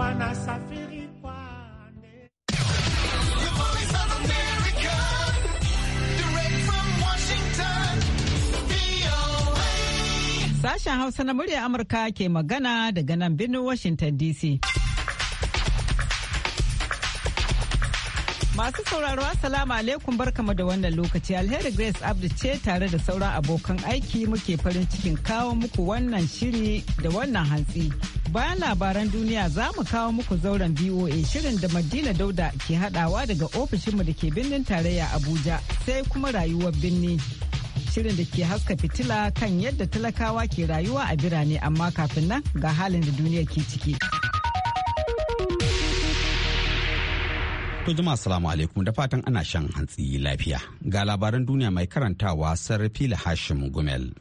wanasafiri kwa Sashen Hausa na murya Amurka ke magana daga nan birnin Washington DC. Masu sauraro Assalamu alaikum barkamu da wannan lokaci alheri Grace Abdu ce tare da sauran abokan aiki muke farin cikin kawo muku wannan shiri da wannan hantsi. Bayan labaran duniya za mu kawo muku zauren BOA shirin da Madina Dauda ke hadawa daga ofishinmu da ke birnin tarayya Abuja sai kuma rayuwar birni. Shirin da ke haska fitila kan yadda talakawa ke rayuwa a birane amma kafin nan ga halin da duniya ke ciki. To jama'a salamu alaikum da fatan ana shan hantsi lafiya. Ga labaran duniya mai karantawa sarrafi Hashim Gumel.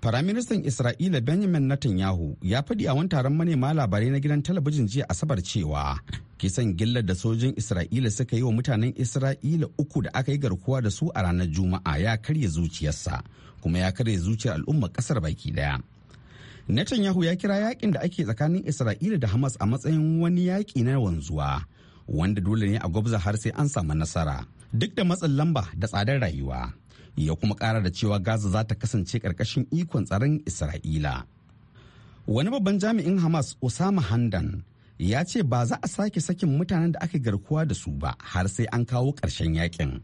Firaministan Isra'ila Benjamin Netanyahu ya faɗi a wani taron manema labarai na gidan talabijin jiya Asabar cewa kisan gillar da sojin Isra'ila suka yi wa mutanen Isra'ila uku da aka yi garkuwa da su a ranar Juma'a ya karya zuciyarsa kuma ya karya zuciyar al'umma ƙasar baki ɗaya. Netanyahu ya kira yakin da ake tsakanin Isra'ila da Hamas a matsayin wani yaƙi na wanzuwa wanda dole ne a gwabza har sai an samu nasara duk da matsin lamba da tsadar rayuwa ya kuma kara da cewa gaza za ta kasance karkashin ikon tsaron isra'ila wani babban jami'in hamas osama handan ya ce ba za a sake sakin mutanen da aka garkuwa da su ba har sai an kawo ƙarshen yakin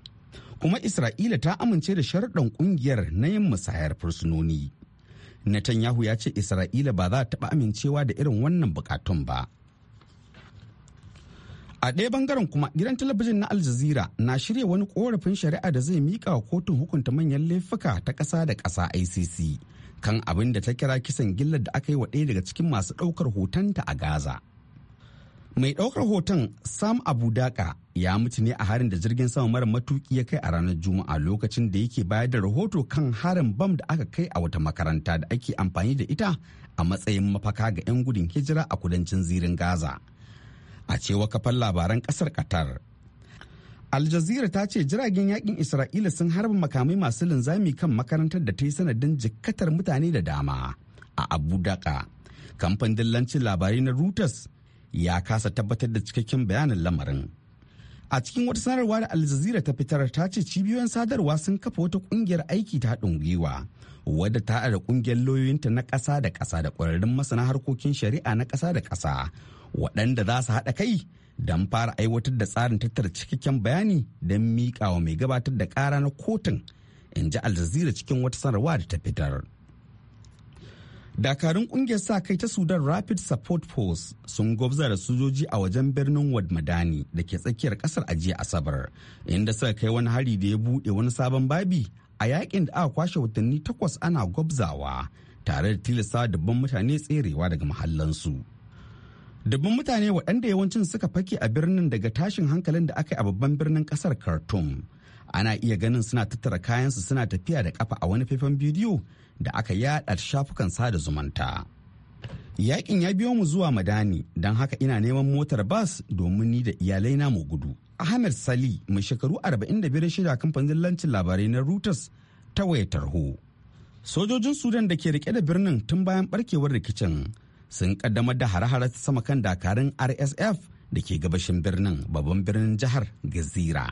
kuma isra'ila ta amince da sharuɗan ƙungiyar na yin musayar fursunoni netanyahu ya ce isra'ila ba za ta taɓa amincewa da irin wannan buƙatun ba a ɗaya bangaren kuma gidan talabijin na aljazira na shirya wani korafin shari'a da zai mika wa kotun hukunta manyan laifuka ta ƙasa da ƙasa icc kan abin da ta kira kisan gillar da aka yi wa ɗaya daga cikin masu ɗaukar hotonta a gaza mai ɗaukar hoton sam abu daka ya mutu ne a harin da jirgin sama mara matuki ya kai a ranar juma'a lokacin da yake bayar da rahoto kan harin bam da aka kai a wata makaranta da ake amfani da ita a matsayin mafaka ga 'yan gudun hijira a kudancin zirin gaza. a cewa kafan labaran kasar qatar al jazeera ta ce jiragen yakin isra'ila sun harba makamai masu linzami kan makarantar da ta yi sanadin jikkatar mutane da dama a abu daka kamfanin dillancin labarai na reuters ya kasa tabbatar da cikakken bayanin lamarin a cikin wata sanarwa da Jazeera ta fitar ta ce cibiyoyin sadarwa sun kafa wata kungiyar aiki ta haɗin gwiwa wadda ta da kungiyar lauyoyinta na ƙasa da ƙasa da ƙwararrun masana harkokin shari'a na ƙasa da ƙasa waɗanda za su haɗa kai don fara aiwatar da tsarin tattara cikakken bayani don miƙawa mai gabatar da ƙara na kotun in ji aljazira cikin wata sanarwa da ta fitar dakarun ƙungiyar sa kai ta sudan rapid support force sun gwabza da sojoji a wajen birnin wad madani da ke tsakiyar ƙasar a asabar inda suka kai wani hari da ya buɗe wani sabon babi a yaƙin da aka kwashe watanni takwas ana gwabzawa tare da tilasta dubban mutane tserewa daga mahallansu. Dubban mutane waɗanda yawancin suka fake a birnin daga tashin hankalin da aka yi a babban birnin ƙasar Khartoum. Ana iya ganin suna tattara kayansu suna tafiya da kafa a wani faifan bidiyo da aka yaɗa shafukan sada zumunta. Yakin ya biyo mu zuwa Madani don haka ina neman motar bas domin ni da iyalaina mu gudu. Ahmed Sali mai shekaru 45 shida kamfanin lancin labarai na Reuters ta wayar tarho. Sojojin Sudan da ke rike da birnin tun bayan barkewar rikicin sun kaddamar da hare-hare ta sama kan dakarun rsf da ke gabashin birnin babban birnin jihar gazira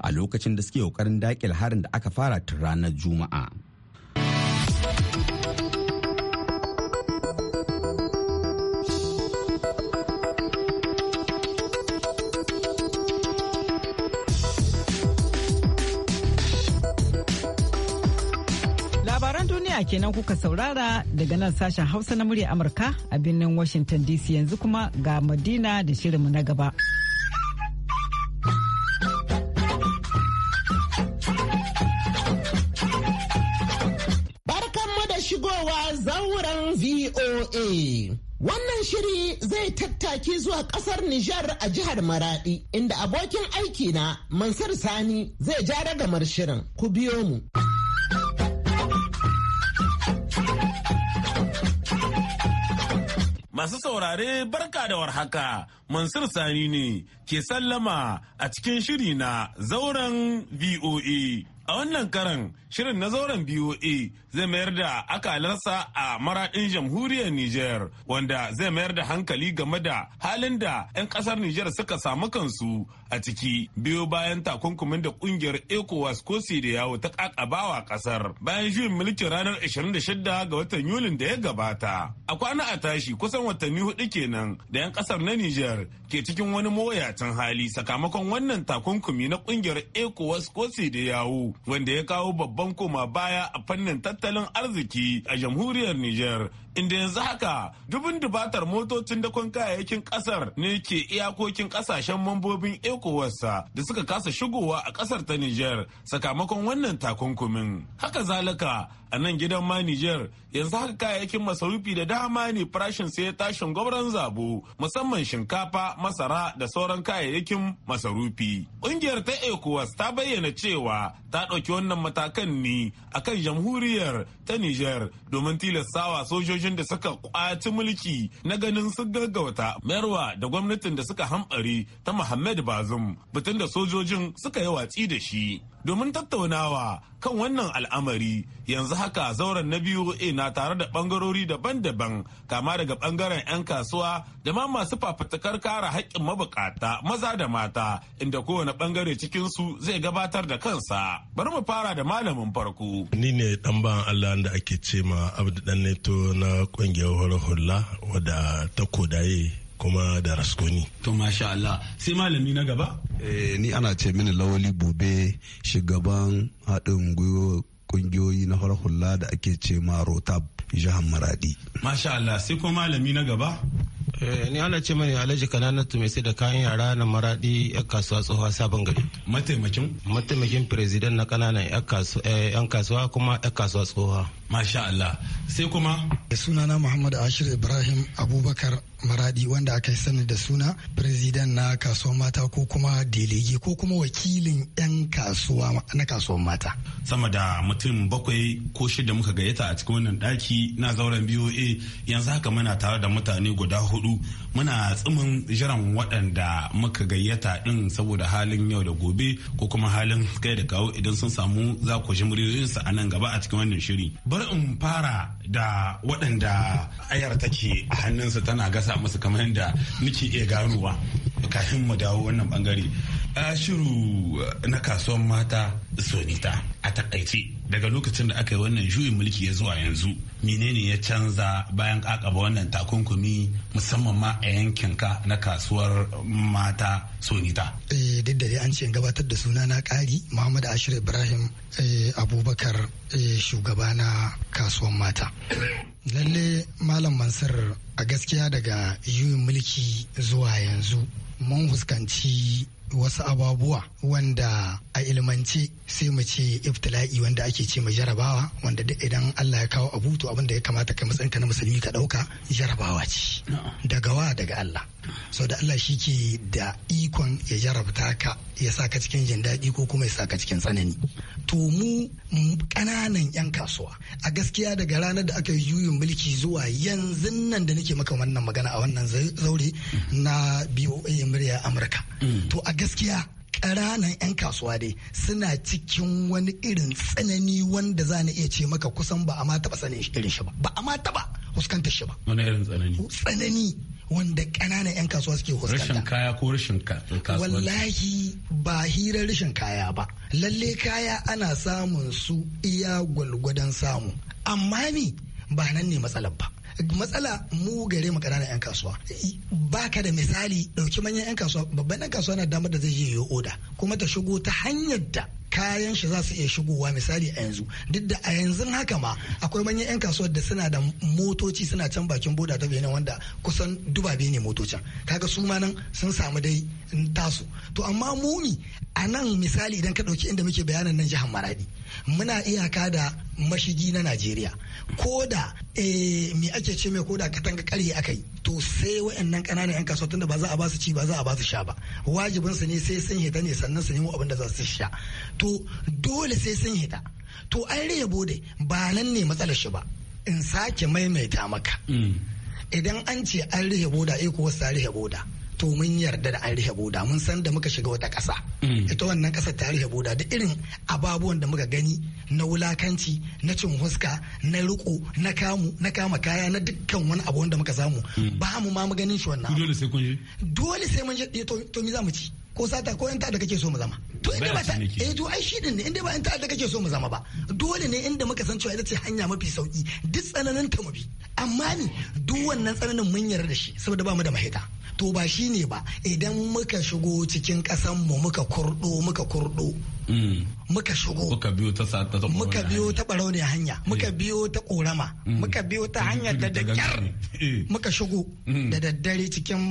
a lokacin da suke ƙoƙarin dakil harin da aka fara tun ranar juma'a duniya kenan kuka saurara daga nan sashen Hausa na murya Amurka a birnin Washington DC yanzu kuma ga Madina da shirinmu na gaba. Barkanmu da shigowa zauren VOA. Wannan shiri zai tattaki zuwa kasar Nijar a jihar Maradi, inda abokin aikina Mansur Sani zai ja ragamar shirin. Ku biyo mu. Masu saurare barka da warhaka, Mansur Sani ne ke sallama a cikin shiri na zauren VOA. A wannan karan shirin na zauren VOA zai mayar da akalarsa a maradin jamhuriyar Nijar wanda zai mayar da hankali game da halin da 'yan kasar Nijar suka samu kansu a ciki biyo bayan takunkumin da kungiyar ECOWAS ko da yawo ta kakabawa kasar bayan juyin mulkin ranar 26 ga watan Yulin da ya gabata. A kwana a tashi kusan watanni hudu kenan da 'yan kasar na Nijar ke cikin wani mawuyacin hali sakamakon wannan takunkumi na kungiyar ECOWAS ko da yawo wanda ya kawo babban koma baya a fannin tattalin tattalin arziki a jamhuriyar Nijar inda yanzu haka dubin dubatar motocin dakon kayayyakin kasar ne ke iyakokin kasashen mambobin ekowarsa da suka kasa shigowa a kasar ta Nijar sakamakon wannan takunkumin. Haka zalika a nan gidan ma Nijar yanzu haka kayayyakin masarufi da dama ne farashin sai tashin gwabran zabo musamman shinkafa masara da sauran kayayyakin masarufi. Ƙungiyar ta ECOWAS ta bayyana cewa ta ɗauki wannan matakan ne a kan jamhuriyar ta Nijar domin tilastawa sojojin da suka kwaci mulki na ganin sun gaggauta mayarwa da gwamnatin da suka hambare ta Muhammad Bazum batun da sojojin suka yi watsi da shi. domin tattaunawa kan wannan al'amari yanzu haka zauren na biyu na tare da bangarori daban-daban kama daga bangaren 'yan kasuwa da ma masu fafatakar kara haƙƙin mabukata maza da mata inda kowane bangare cikinsu zai gabatar da kansa bari mu fara da malamin farko ni ne dan ban allah da ake ce ma abdu dan neto na kungiyar hula wadda ta kodaye kuma da raskoni. To masha Allah sai malami na gaba? Eh, ni ana ce mini lawali bube shugaban haɗin gwiwa kungiyoyi na hula da ake ce ma rotab jihar maradi. Masha Allah sai ko malami na gaba? Eh, ni ana ce mini alhaji kananatu mai sai da kayan yara na maradi yan kasuwa tsohuwa sabon gari mataimakin mataimakin president na kananan yan eh, kasuwa kuma yan kasuwa tsohuwa Masha Allah. Sai kuma? Sunana Muhammad Ashir Ibrahim Abubakar Maradi wanda aka yi sani da suna president na kasuwar mata ko kuma delege ko kuma wakilin 'yan kasuwa na kasuwar mata. Sama da mutum bakwai ko shida muka gayyata a cikin wannan daki na zauren BOA yanzu haka muna tare da mutane guda hudu muna tsimin jiran waɗanda muka gayyata din saboda halin yau da gobe ko kuma halin kai da kawo idan sun samu za ku ji muryoyinsu a nan gaba a cikin wannan shiri. bar in fara da waɗanda ayar take a hannunsa tana gasa musu kamar yadda nake iya ganowa kafin mu dawo wannan bangare shiru na kasuwan mata sonita a takaice daga lokacin da aka yi wannan juyin mulki ya zuwa yanzu menene ya canza bayan kakaba wannan takunkumi musamman ma a yankin ka na kasuwar mata sonita eh duk da dai an ce gabatar da suna na kari muhammad ashir ibrahim eh, abubakar eh, shugaba na kasuwar mata lalle malam mansur a gaskiya daga juyin mulki zuwa yanzu mun fuskanci wasu ababuwa wanda a ilmance sai mu ce iftila'i wanda ake ce mai jarabawa wanda duk idan Allah ya kawo abu to abin da ya kamata kai matsayinka na musulmi ka dauka jarabawa ce daga wa daga Allah Sau da Allah shi ke da ikon ya jarabta ka ya sa ka cikin jin daɗi ko kuma ya sa ka cikin tsanani to mu ƙananan 'yan kasuwa a gaskiya daga ranar da aka yi juyin mulki zuwa yanzu nan da nake maka wannan magana a wannan zaure na BOA murya Amurka mm. to a gaskiya ƙananan 'yan kasuwa dai suna cikin wani irin tsanani wanda za na iya ce maka kusan ba a ma taɓa sanin irin shi ba ba a ma taɓa fuskantar shi ba wani irin tsanani tsanani wanda ƙananan 'yan kasuwa suke hoskanta. rashin kaya ko rashin kasuwa wallahi ba hirar rashin kaya ba lalle kaya ana samun su iya gwalgwadon samu amma ni ba nan ne matsalar ba matsala mu gare mu ƙananan 'yan kasuwa baka da misali ɗauki manyan 'yan kasuwa babban 'yan kasuwa na damar da zai yi oda kuma ta shigo ta hanyar da kayan shi za su iya shigowa misali a yanzu duk da a yanzu haka ma akwai manyan 'yan kasuwar da suna da motoci suna can bakin boda ta benin wanda kusan dubabe ne motocin kaga su ma nan sun samu dai tasu to amma muni a nan misali idan ka ɗauki inda muke bayanan nan jihar maradi muna iyaka da mashigi na najeriya ko da eh, me ake ce mai koda katanga karye aka yi to sai wayannan kananan yan kasuwa tunda ba za a ba su ci ba za a ba su sha ba wajibin su ne sai sun hita ne sannan su nemo abin da za su sha to dole sai sun hita to an rage bode ba nan ne matsalar shi ba in sake maimaita maka mm. idan an ce an rihe boda eh kuwa sa rihe boda to mun yarda da an rihe boda mun san da muka shiga wata ƙasa mm. ita wannan ƙasa ta rihe boda da irin ababuwan da muka gani na wulakanci na cin huska na riko na kamu na kama kaya na dukkan wani abu wanda muka samu mm. ba mu ma mu ganin shi wannan dole sai kun je dole sai mun je eh, to mi za mu ci ko sata ko yan da kake so mu zama to inda ba eh to ai shi din ne inda ba yan da kake so mu zama ba dole ne inda muka san cewa ita ce hanya mafi sauki duk tsananin ta mu bi amma ni duk wannan tsananin mun yarda da shi saboda ba mu da mahita to ba shi ne ba idan muka shigo cikin mu muka kurdo muka kurdo mm. muka shigo muka biyo ta muka biyo ta barauniya hanya eh. mm. muka biyo ta korama muka biyo ta hanya da da eh. muka shigo mm. da daddare cikin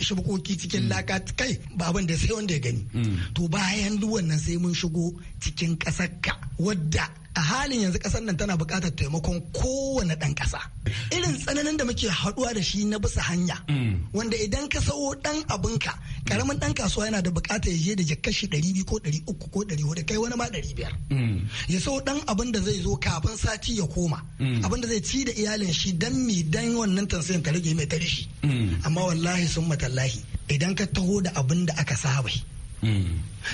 shibkoki cikin laka kai babin da sai wanda ya gani to bayan duwannan sai mun shigo cikin ƙasar ka wadda a halin yanzu kasar nan tana buƙatar taimakon kowane ɗan kasa irin tsananin da muke haɗuwa da shi na bisa hanya mm. wanda idan ka sawo ɗan abinka karamin ɗan kasuwa yana da bukatar ya je da jakashi ɗari biyu ko ɗari uku ko ɗari hudu kai wani ma ɗari biyar mm. ya sawo dan abin da zai zo kafin sati ya koma mm. abin da zai ci da iyalin shi dan mi dan wannan tansayin ta rage mai tare amma wallahi sun matallahi idan ka taho da abin da aka saba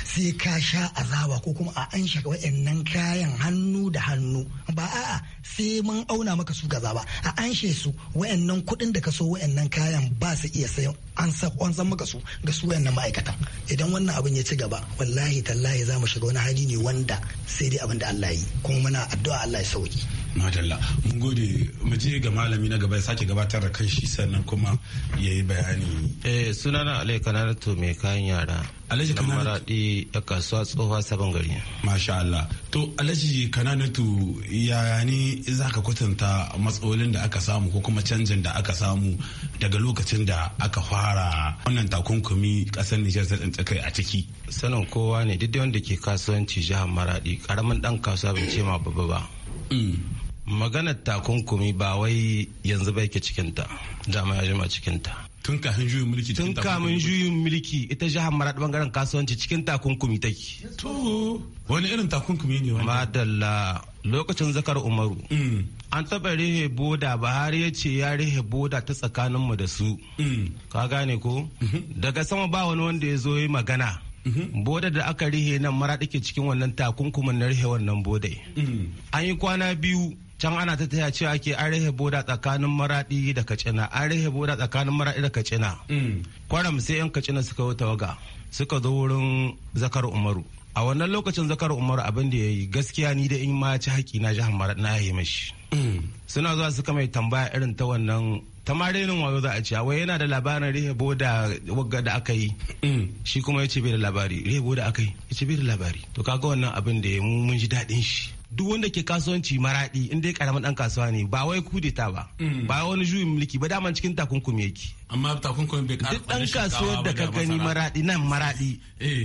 sai ka sha azaba ko kuma a an shaka wa'annan kayan hannu da hannu ba a'a sai mun auna maka su gaza ba a an su wa'annan kuɗin da ka so wa'annan kayan ba su iya sayan an san maka su ga su wa'annan ma'aikatan idan wannan abin ya ci gaba wallahi tallahi za mu shiga wani hali ne wanda sai dai abin da Allah yi kuma muna addu'a Allah ya sauki Madalla mun gode mu je ga malami na gaba ya sake gabatar da shi sannan kuma ya yi bayani. Eh sunana Alai Kanaratu mai kayan yara. Alhaji Kananatu. Maraɗi kasuwa tsofa sabon gari. Masha Allah. To Alhaji Kananatu ya ne za ka kwatanta matsalolin da aka samu ko kuma canjin da aka samu daga lokacin da aka fara wannan takunkumi ƙasar Nijar ta tsakai a ciki. Sanin kowa ne duk wanda ke kasuwanci jihar Maraɗi ƙaramin ɗan kasuwa bai ce ma babba ba. Mm. maganar takunkumi ba wai yanzu ba yake cikinta dama ya jima cikinta tun kafin juyin mulki tun kafin juyin mulki ita jihar marad bangaren kasuwanci cikin takunkumi take to wani irin takunkumi ne wani madalla lokacin zakar umaru mm. an taɓa rihe boda ba har ya ce ya rihe boda ta tsakaninmu da su mm. ka gane ko mm-hmm. daga sama ba wani wanda ya zo yi magana mm-hmm. boda da aka rihe nan mara ke cikin wannan takunkumin na rihe wannan bodai mm. an yi kwana biyu can ana ta taya cewa ke an rahe boda tsakanin maradi da kacina an rahe boda tsakanin maradi da kacina mm. kwaram sai yan kacina suka wuta waga suka zo wurin zakar umaru a wannan lokacin zakar umaru abin da ya yi gaskiya ni da in ma ci haƙi na jihar maradi na yi mashi mm. suna zuwa suka mai tambaya irin ta wannan tamarinin wayo za a ci wai yana da labarin rahe boda wagga da aka yi mm. shi kuma ya ce bai da labari rahe boda aka yi ya ce bai da labari to kaga wannan abin da mu mun ji daɗin shi duk wanda ke kasuwanci maradi in dai karamin dan kasuwa ne ba wai kudeta ba mm. ba wani juyin mulki ba daman cikin takunkumi yake amma takunkumi bai duk dan kasuwar da ka gani maradi nan maradi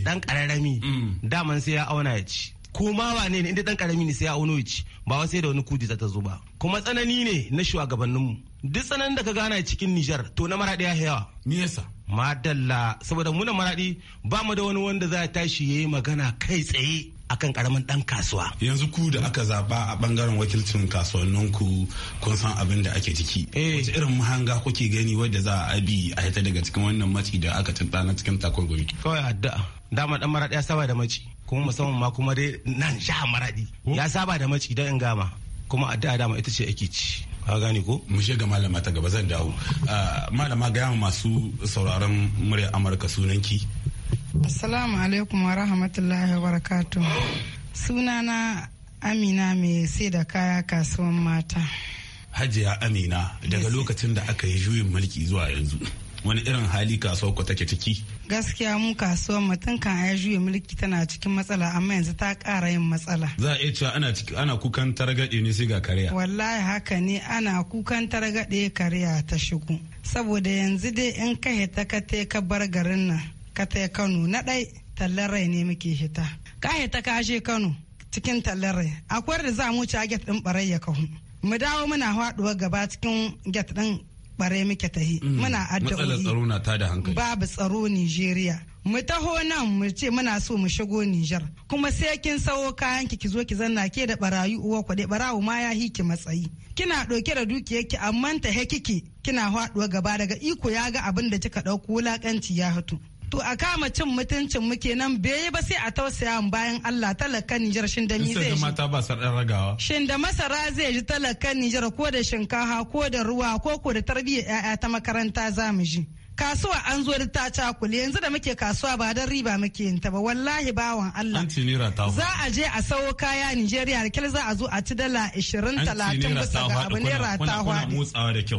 dan eh. kararami mm. daman sai ya auna ya ci ko ma wane ne inda dan karami ne sai ya auno ya ci ba wai sai da wani kudeta ta zo ba kuma tsanani ne na shugabanninmu duk tsananin da ka gana cikin Nijar to na maradi ya yawa me yasa madalla saboda muna maradi ba mu da wani wanda za ya tashi yayi magana kai tsaye akan karamin dan kasuwa yanzu ku da aka zaba a bangaren wakilcin kasuwannin ku kun san abin da ake ciki eh. wace irin mahanga kuke gani wadda za a bi a hita daga cikin wannan maci da aka tunta na cikin takurgumi kawai addu'a dama dan maradi ya saba da maci kuma musamman ma kuma dai nan sha maradi ya saba da maci don in gama kuma addu'a dama ita ce ake ci ka gane ko mu shega malama ta gaba zan dawo ah, malama ga masu sauraron murya amurka sunanki Assalamu alaikum wa rahmatullahi wa barakatu. Sunana Amina mai sai da kaya kasuwan mata. Hajiya Amina daga lokacin da aka yi juyin mulki zuwa yanzu. Wani irin hali kasuwa ku take ciki? Gaskiya mu kasuwar mutum tun kan ya juya mulki tana cikin matsala amma yanzu ta ƙara yin matsala. Za a iya cewa ana ana kukan targaɗe ne sai ga karya. Wallahi haka ne ana kukan targaɗe karya ta shigo. Saboda yanzu dai in ka ta ka bar garin nan. ka taya kano na ɗai tallar rai ne muke hita ka ka kashe kano cikin tallar rai akwai da za mu ci get ɗin ɓarai ya kahu mu dawo muna haɗuwa gaba cikin get ɗin ɓarai muke tahi mm. muna addu'o'i tsaro na tada hankali babu tsaro Nijeriya mu taho nan mu ce muna so mu shigo Nijar kuma sai kin sawo kayan ki zo ki zanna ke da barayu uwa kwade barawu ma ya hiki matsayi kina ɗauke da dukiyarki amma ta he kike kina haɗuwa gaba daga iko ya ga abin da kika ɗauko wulakanci ya hatu to a kama cin mutuncin muke nan bai ba sai a tausaya bayan Allah talaka Nijar shin da mi zai mata ba ragawa shin da masara zai ji talaka Nijar ko da shinkafa ko da ruwa ko ko da tarbiyyar 'ya'ya ta makaranta za mu ji kasuwa an zo da ta cakule yanzu da muke kasuwa ba don riba muke yin ta ba wallahi bawan Allah za a je a sawo kaya Nigeria da za a zo a ci dala 20 30 bisa ga abu naira ta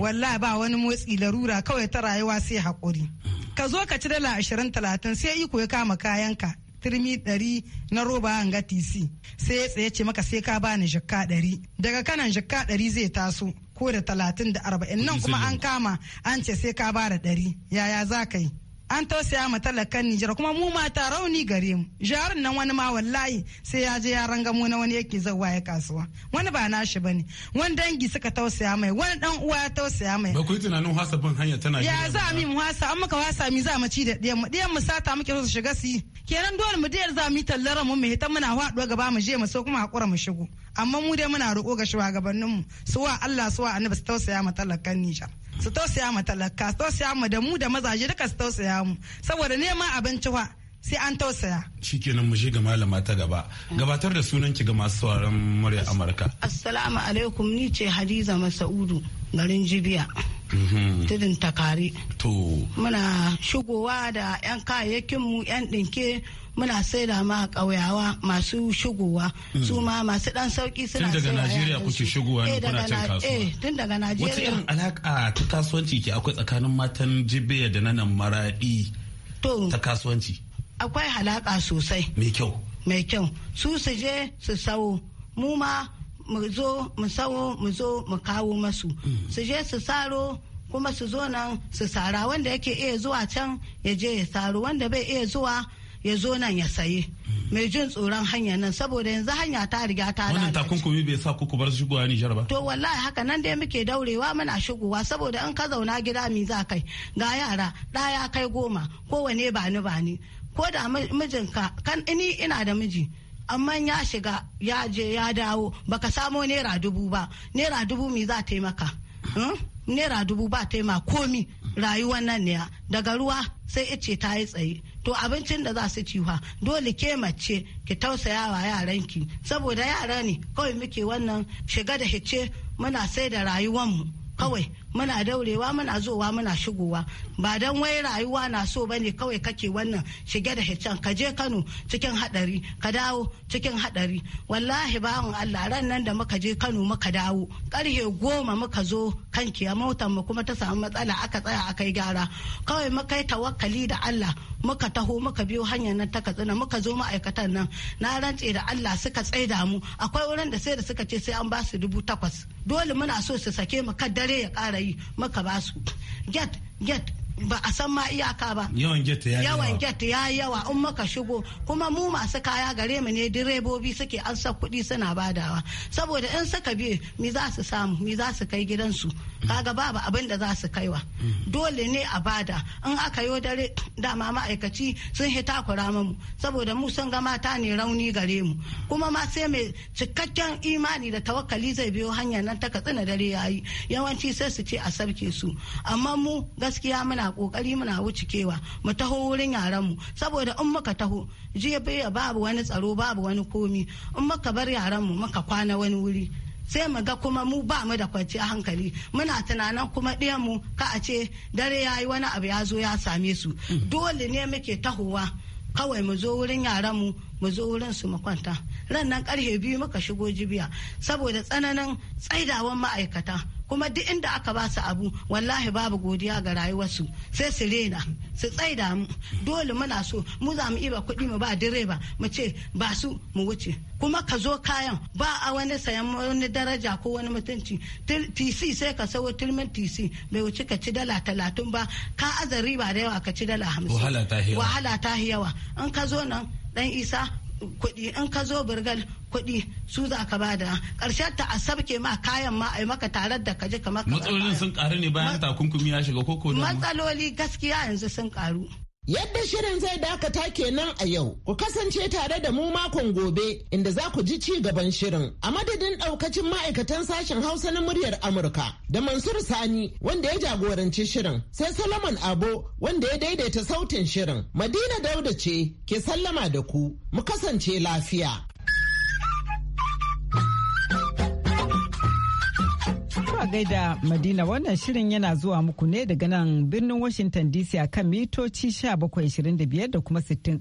wallahi ba wani motsi larura kawai ta rayuwa sai hakuri ka zo ka ci dala ashirin talatin sai iko ya kama kayan ka turmi ɗari na roba an ga tc sai ya tsaye ce maka sai ka bani jikka ɗari daga kanan jikka ɗari zai taso ko da talatin da arba'in nan kuma an kama an ce sai ka bada ɗari yaya za ka yi an tausaya ma talakan Nijar kuma mu mata rauni gare mu jarin nan wani ma wallahi sai ya je ya ranga mu na wani yake zawa ya kasuwa wani ba nashi bane wani dangi suka tausaya mai wani dan uwa ya tausaya mai ba ku tunanin hasa bin hanya tana ya za mu mu hasa an muka hasa mi za mu ci da diyan mu diyan mu sata muke so su shiga su yi kenan dole mu diyar za mu yi mu mu hita muna faduwa gaba mu je mu so kuma hakura mu shigo amma mu dai muna roƙo ga shugabanninmu suwa Allah suwa Annabi su tausaya ma talakan Nijar su tausaya mu talaka su tausaya mu da mu da mazaje duka su tausaya mu saboda neman abinci wa sai an tausaya. Shikenan mu ga malama ta gaba. Gabatar da sunan ki ga masu sauraron murya Amurka. Assalamu alaikum ni ce Hadiza Masa'udu garin Jibiya. Mhm. tudun takari muna shigowa da 'yan kayayyakinmu 'yan ɗinke muna saida ma ƙauyawa masu shigowa mhm. su ma masu dan sauki suna tun daga Najeriya kuke shigowa ne eh, kuna can kasuwa eh tun daga Najeriya wata irin alaƙa ta kasuwanci ke akwai tsakanin matan Jibiya da nanan maraɗi to ta kasuwanci akwai halaƙa sosai mai kyau mai kyau su su je su sau mu ma mu zo mu sawo mu zo mu kawo masu mm. su je su saro kuma su zo nan su sara wanda yake iya zuwa can ya je ya saro wanda bai iya zuwa ya zo nan ya saye mm. mai jin tsoron hanyar nan saboda yanzu hanya ta riga ta lalace wannan takunkumi bai sa kuku bar shigowa Nijar ba to wallahi haka nan dai muke daurewa muna shigowa saboda in ka zauna gida mi za kai ga yara ɗaya kai goma kowane ba ni ba ni ko da mijinka kan ini ina da miji amma ya shiga ya je ya dawo baka samo naira dubu ba naira dubu mi za ta yi hmm? naira dubu ba ta yi ma komi rayuwar nan ne daga ruwa sai ice ta yi tsaye to abincin da za su ci fa dole ke mace ki tausaya wa yaranki saboda yara ne kawai muke wannan shiga da hice muna sai da mu kawai muna daurewa muna zowa muna shigowa ba don wai rayuwa na so ba ne kawai kake wannan shige da hiccan ka je Kano cikin hadari ka dawo cikin hadari wallahi bawan Allah ran nan da muka je Kano muka dawo karhe goma muka zo kanki a motar mu kuma ta samu matsala aka tsaya aka yi gyara kawai muka yi tawakkali da Allah muka taho muka biyo hanyar nan ta Katsina muka zo ma'aikatan nan na rantse da Allah suka tsaida mu akwai wurin da sai da suka ce sai an ba su dubu takwas dole muna so su sake mu kaddare ya kara yi muka ba su get get ba a san ma iyaka ba yawan get ya yawan get ya yawa in muka shigo kuma mu masu kaya gare mu ne direbobi suke an sa kuɗi suna badawa saboda in suka biye mi za su samu mi za su kai gidansu kaga babu abin da za su kaiwa mm. dole ne a bada in aka yo dare dama ma'aikaci sun hita kura mu saboda mu sun ga mata ne rauni gare mu kuma ma sai mai cikakken imani da tawakkali zai biyo hanyar nan ta katsina dare yayi yawanci sai su ce a sarke su amma mu gaskiya muna muna kokari muna wucikewa mu taho wurin yaran mu saboda in muka taho jiya babu wani tsaro babu wani komi in muka bar yaran mu muka kwana wani wuri sai mu ga kuma mu ba mu da a hankali muna tunanin kuma mu ka a ce dare ya yi wani abu ya zo ya same su dole ne muke tahowa kawai mu zo wurin yaran mu mu zo wurin su mu kwanta ran nan karhe biyu muka shigo jibiya saboda tsananin tsaidawan ma'aikata kuma duk inda aka ba su abu wallahi babu godiya ga rayuwarsu sai su rena su tsaida mu dole muna so mu za mu iba kuɗi mu ba direba mu ce ba su mu wuce kuma ka zo kayan ba a wani sayan wani daraja ko wani mutunci tc sai ka sawo tilmin tc bai wuce ka ci dala talatin ba ka aza riba da yawa ka ci dala hamsin wahala ta yawa in ka zo nan dan isa kuɗi in ka zo birgal kuɗi su za ka bada ƙarshen ta a sabke ma kayan ma a yi maka tare da ka je ka maka matsalolin sun karu ne bayan takunkumi ya shiga koko matsaloli gaskiya yanzu sun karu Yadda shirin zai dakata kenan a yau, ku kasance tare da mu makon gobe inda za ku ji ci gaban shirin. A madadin ɗaukacin ma'aikatan sashen Hausa na muryar Amurka da Mansur Sani wanda ya jagoranci shirin, sai Solomon Abo wanda ya daidaita sautin shirin. Madina Dauda ce ke sallama da ku, mu kasance lafiya. gaida Madina wannan shirin yana zuwa muku ne daga nan birnin Washington DC a kan mitoci 1725 da kuma 60.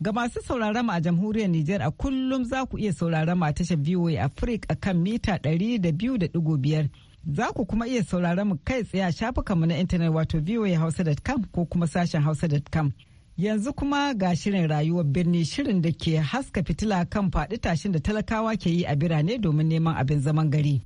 Ga masu sauraron mu a jamhuriyar Nijar a kullum za ku iya sauraron mu a tashar VOA Africa a kan mita 200.5. Za ku kuma iya sauraron mu kai tsaye a shafukanmu na intanet wato voahausa.com ko kuma sashen hausa.com. Yanzu kuma ga shirin rayuwar birni shirin da ke haska fitila kan faɗi tashin da talakawa ke yi a birane domin neman abin zaman gari.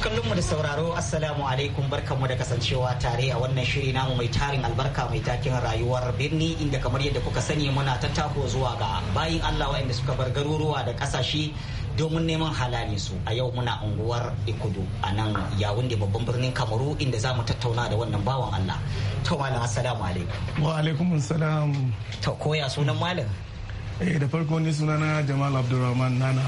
kallonmu mu da sauraro Assalamu alaikum barkanmu da kasancewa tare a wannan shiri namu mai tarin albarka mai takin rayuwar birni inda kamar yadda kuka sani muna ta taho zuwa ga bayin Allah waɗanda suka bar garuruwa da kasashe domin neman halali su a yau muna unguwar ikudu a nan yawun da babban birnin kamaru inda za mu tattauna da wannan bawan Allah. To malam alaikum. Wa alaikum assalam. To koya sunan malam? eh da farko ni sunana Jamal Abdulrahman Nana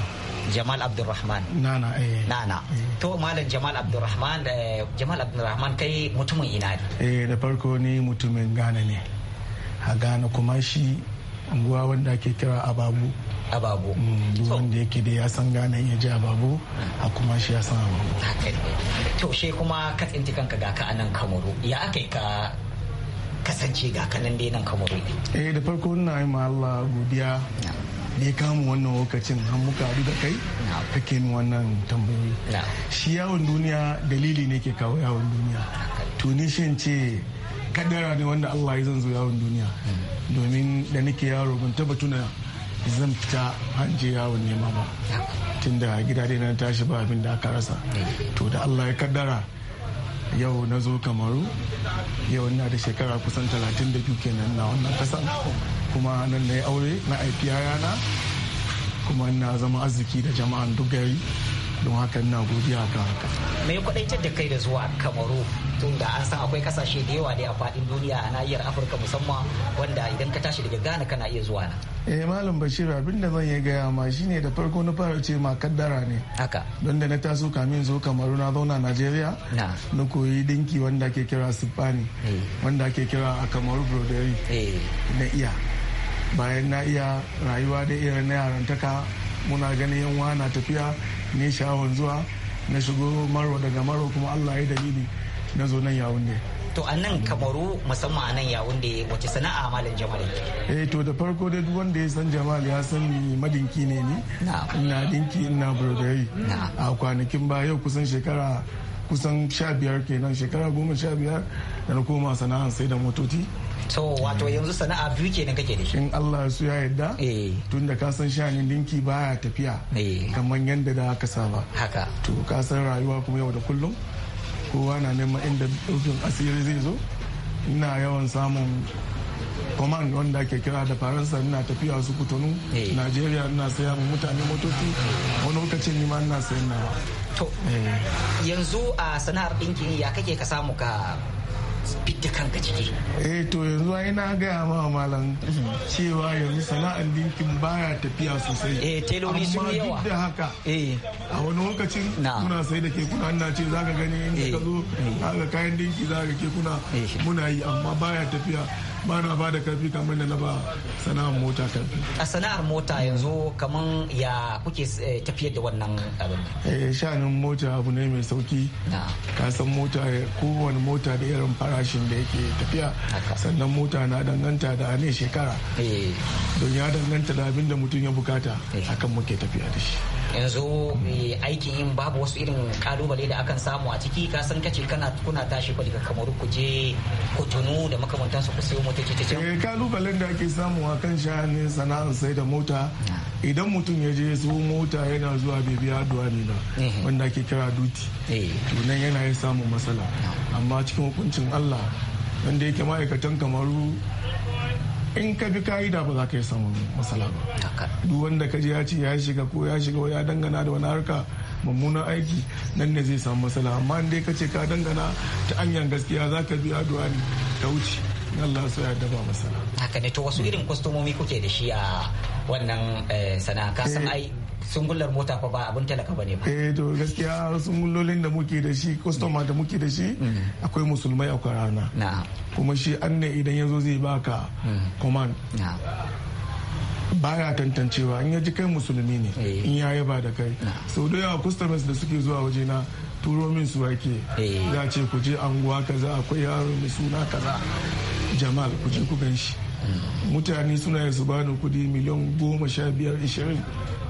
Jamal Abdulrahman Nana eh Nana eh. to malam Jamal Abdulrahman eh, Jamal Abdulrahman kai mutumin ina ne eh da farko ni mutumin Ghana ne a Ghana kuma shi unguwa wanda ake kira Ababu ababu mm, duk wanda yake da ya san gane ya ji ababu a kuma shi ya san ababu to she kuma ka tsinci kanka ga ka anan kamaru ya aka ka kasance ga kanan dai nan kamaru eh da farko ina yi ma Allah godiya da ya kama wannan lokacin har muka haɗu da kai kake min wannan tambayi. shi yawon duniya dalili ne ke kawo yawon duniya to ni ce kadara ne wanda Allah ya zanzo yawon duniya hmm. domin da nake yaro ban taba tuna zan fita hanje yawon nema ba tunda gida dai na tashi ba abin da aka rasa eh. to da Allah ya kaddara yau na zo kamaru yau na da shekara kusan 32 kenan na wannan kasa kuma nan na yi aure na aiki yana kuma na zama arziki da jama'an duk gari don haka ina godiya ga haka. Me kwadaitar da kai da zuwa Kamaru tun da an san akwai kasashe da yawa da a faɗin duniya a nahiyar Afirka musamman wanda idan ka tashi daga Ghana kana iya zuwa na. eh malam bashir abin da zan yi gaya ma shine da farko na fara ce ma kaddara ne haka don da na taso kamin zo kamaru na zauna najeriya na koyi dinki wanda ake kira sifani eh. wanda ake kira a kamaru broderi eh. na iya bayan na iya rayuwa da irin na yarantaka muna ganin yanwa na tafiya ne sha'awar zuwa na shigo maro daga maro kuma allah ya dalili na zo nan yawon ne to a nan kamaru musamman a nan ya da wace sana'a malam jamal eh to da farko da duk wanda ya san jamal ya san ni madinki ne ni ina dinki ina burgayi a kwanakin ba yau kusan shekara kusan sha biyar kenan shekara goma sha biyar da na koma sana'a sai da motoci so wato yanzu sana'a biyu kenan kake da shi in Allah su ya yadda. Eh. tun da ka san shanin dinki baya tafiya eh. kamar yadda da aka saba haka to ka san rayuwa kuma yau da kullum kowa na neman inda dukkan asiri zai zo ina yawan samun command wanda ke kira da faransa ina tafiya su kutunu eh. najeriya ina saya mu mutane motoci wani lokacin nima ina sayan nawa eh. yanzu a sana'ar ɗinki ya kake ka samu ka fidda kanka ciki eh to yanzu ai na gaya ma malam cewa yanzu sana'ar dinkin baya tafiya sosai eh teloli sun yawa amma duk haka eh. a wani lokacin muna sai da kekuna ina ce zaka gani inda ka eh. zo eh. kayan dinki zaka kekuna muna yi amma baya tafiya ba na ba da karfi kamar da na ba sana'ar mota karfi a sana'ar mota yanzu kamar ya kuke eh, tafiyar da wannan abin eh shanin mota abu ne mai sauki ka san mota kowane mota da irin farashin da yake tafiya sannan mota na danganta da ne shekara eh. don ya danganta da abin da mutum ya bukata eh. akan muke tafiya da shi yanzu aikin yin babu wasu irin kalubale da akan samu a ciki ka san kace kana kuna tashi kamaru ku je kotunu da makamantansu ku sayo wata kece Eh kalubalen da ake samu a kan shahanin sana'ar sai da mota ah. idan mutum ya je su mota yana zuwa bai biya ne ba eh. wanda ake kira duti. Eh. Tunan yana ya samun matsala ah. amma cikin hukuncin Allah wanda yake ma'aikatan kamaru in ka bi ka'ida ba za ka yi samun matsala ba. Duk wanda ka je ya ce ya shiga ko ya shiga ya dangana da wani harka mummunan aiki nan ne zai samu matsala amma dai ka ce ka dangana ta hanyar gaskiya za ka biya duwani ta wuce. Allah so ya daba masana haka ne to wasu irin kwastomomi kuke da shi a wannan eh, sana'a ka san eh. ai sungullar mota fa ba abin talaka bane ba eh to gaskiya sungullolin da muke da shi kwastoma da muke da shi mm. akwai musulmai akwai rana kuma shi an ne idan ya zai baka mm. command baya tantancewa in ya ji kai musulmi ne eh. in ya yaba da kai sau da yawa customers da suke zuwa wajena turo min su ake za ce ku je anguwa kaza akwai yaro mai suna kaza jamal ku ku gan shi mutane suna ya su bani kudi miliyan goma sha biyar ishirin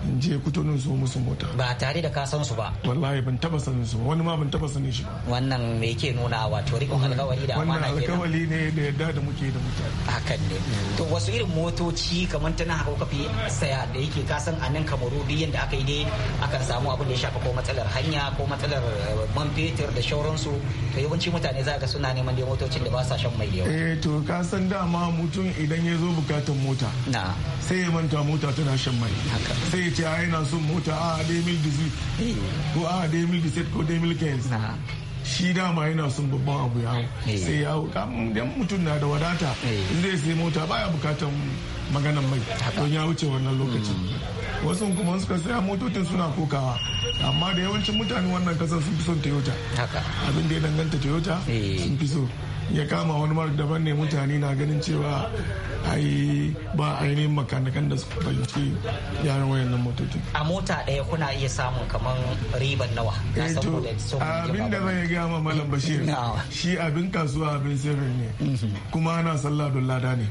in je kutonin so musu mota ba tare da ka san su ba wallahi ban taba sanin su ba wani ma ban taba sanin shi ba wannan me yake nuna wato rikon alkawari da amana kenan wannan alkawari ne da yadda da muke da mutane hakan ne to wasu irin motoci kamar tana haka kafi saya da yake ka san a nan kamaru biyan yanda aka yi dai akan samu abin da ya shafa ko matsalar hanya ko matsalar eh, man fetur da shauransu to yawanci mutane za ga suna neman dai motocin da ba sa shan mai yau eh to ka san dama mutum idan ya zo bukatan mota sai ya manta mota tana shan mai sai ce yana son mota a 2018 ko a 2017 ko 2015 shi dama yana son babban abu ya hau eh. sai ya hau dan mutum na da wadata eh. in zai sai mota baya bukatan maganan mai don ya wuce wannan lokacin mm. wasu kuma suka saya motocin suna kokawa amma da yawancin mutane wannan kasar sun fi son toyota abin da ya danganta toyota eh. sun fi so ya kama wani mara daban ne mutane na ganin cewa ai ba ainihin makanikan da suka fahimci yaran wayannan motoci a mota ɗaya kuna iya samun kamar riban nawa Na eh, abin da zai gaya ma malam bashir shi abin kasuwa abin sirri ne mhm. kuma ana sallah don lada ne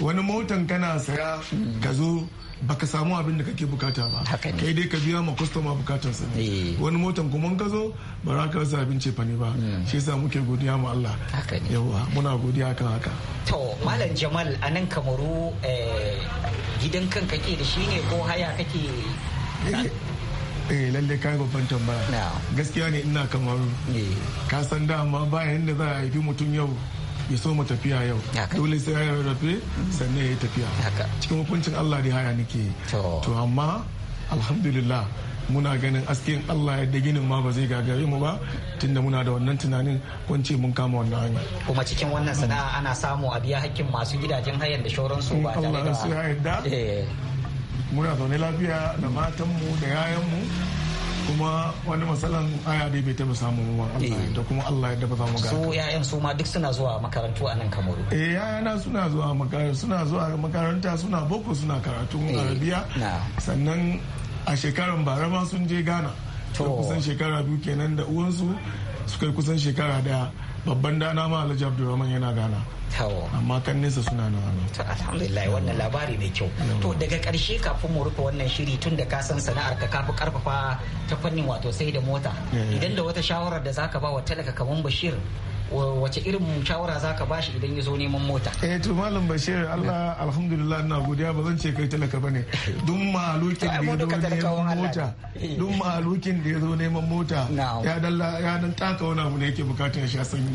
wani motan kana saya ka zo baka samu abin da kake bukata ba kai dai ka biya ma kwastoma bukatarsa sa. Eh. wani motan kuma ka zo ba za ka rasa abin cefa ne ba hmm. shi yasa muke godiya ma Allah yawa muna godiya kan haka to malam jamal a nan kamaru eh, gidan kan kake da shi ne ko haya kake eh, eh lalle kai babban tambaya gaskiya ne ina kamaru ka san dama ba yanda za a haifi mutum yau ya so mu tafiya yau dole sai ya rarrafe sannan ya yi tafiya cikin hukuncin Allah da haya nake to amma alhamdulillah muna ganin askin Allah ya ginin ma ba zai gagare mu ba tunda muna da wannan tunanin kwance mun kama wannan hanya. Kuma cikin wannan sana'a ana samu a biya hakkin masu gidajen hayan da su. ba tare da. Allah eh. Muna zaune lafiya da matanmu da yayanmu kuma wani matsalan aya dai bai taɓa samu ba eh. da kuma Allah ba za samu ga su yayan su ma duk suna zuwa makarantu a nan Kamaru eh yayana suna zuwa makaranta suna zuwa makaranta suna boko suna karatun eh. Arabiya sannan a shekaran bara ma sun je Ghana to kusan shekara biyu kenan da uwansu su kai kusan shekara daya babban dana ma Alhaji Abdulrahman yana Ghana amma kan nesa suna nawa alhamdulillah wannan labari mai kyau to daga karshe kafin mu rufe wannan shiri tun da ka san sana'ar ka kafi karfafa ta fannin wato sai da mota eh. idan da wata shawarar da zaka ba wa talaka kamar bashir wace irin shawara za ka bashi idan ya zo neman mota eh to malam bashir allah alhamdulillah na godiya ba zan ce kai talaka ba ne duk malukin da ya zo neman mota duk malukin da ya zo neman mota ya dalla ya dan taka wani abu ne yake bukata ya sha sanyi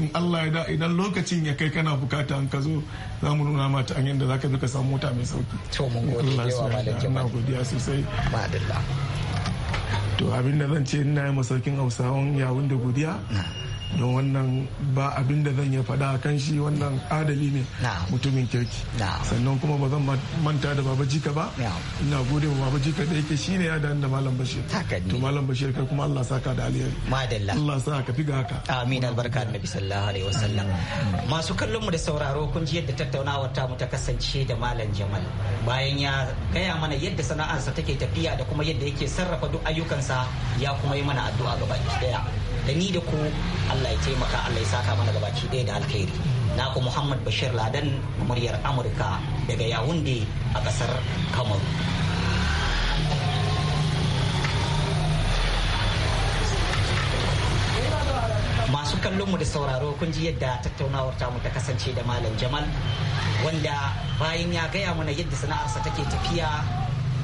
in allah ya da idan lokacin ya kai kana bukata an ka zo za mu nuna mata an yadda za ka zo ka samu mota mai sauki to mun gode yawa malam jama'a godiya sosai ma'adallah to abin da zan ce ina yi masaukin hausawan yawun da godiya don wannan ba abin da zan ya faɗa a kan shi wannan adali ne mutumin kirki sannan kuma ba zan manta da baba jika ba ina gode wa baba jika da yake shine ya da malam bashir to malam bashir kai kuma Allah saka da alheri madalla Allah sa ka fi ga haka amin albarka annabi sallallahu alaihi wasallam masu kallon mu da sauraro kun ji yadda tattaunawar ta mu ta kasance da malam Jamal bayan ya gaya mana yadda sana'arsa take tafiya da kuma yadda yake sarrafa duk ayyukansa ya kuma yi mana addu'a gaba ɗaya da ni da ku Allah ya taimaka Allah ya saka mana gabaki ɗaya da alkhairi na ku Muhammad Bashir Ladan muryar Amurka daga Yawunde a ƙasar Kamaru masu kallon mu da sauraro kun ji yadda tattaunawar ta mu ta kasance da malam Jamal wanda bayan ya gaya mana yadda sana'arsa take tafiya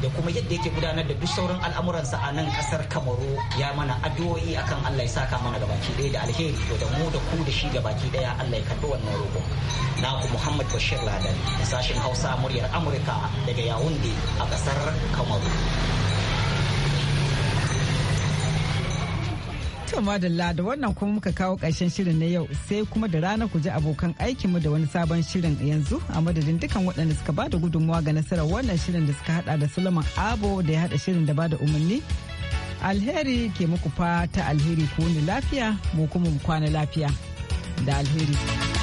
da kuma yadda yake gudanar da duk sauran al'amuransa a nan kasar kamaru ya mana addu'o'i akan allah ya saka mana gabaki ɗaya da alheri to da mu da ku da shi gabaki ɗaya allah ya karɓi wannan roƙo na ku muhammad bashir ladan sashen hausa muryar amurka daga yawunde a kasar kamaru To madalla da wannan kuma muka kawo ƙarshen shirin na yau sai kuma da rana ku ji abokan aikinmu da wani sabon shirin yanzu a madadin dukan waɗanda suka ba da gudunmawa ga nasarar wannan shirin da suka hada da Suleiman Abo da ya hada shirin da bada umarni. Alheri ke muku fata alheri ku ni lafiya mu kuma mu kwana lafiya da alheri.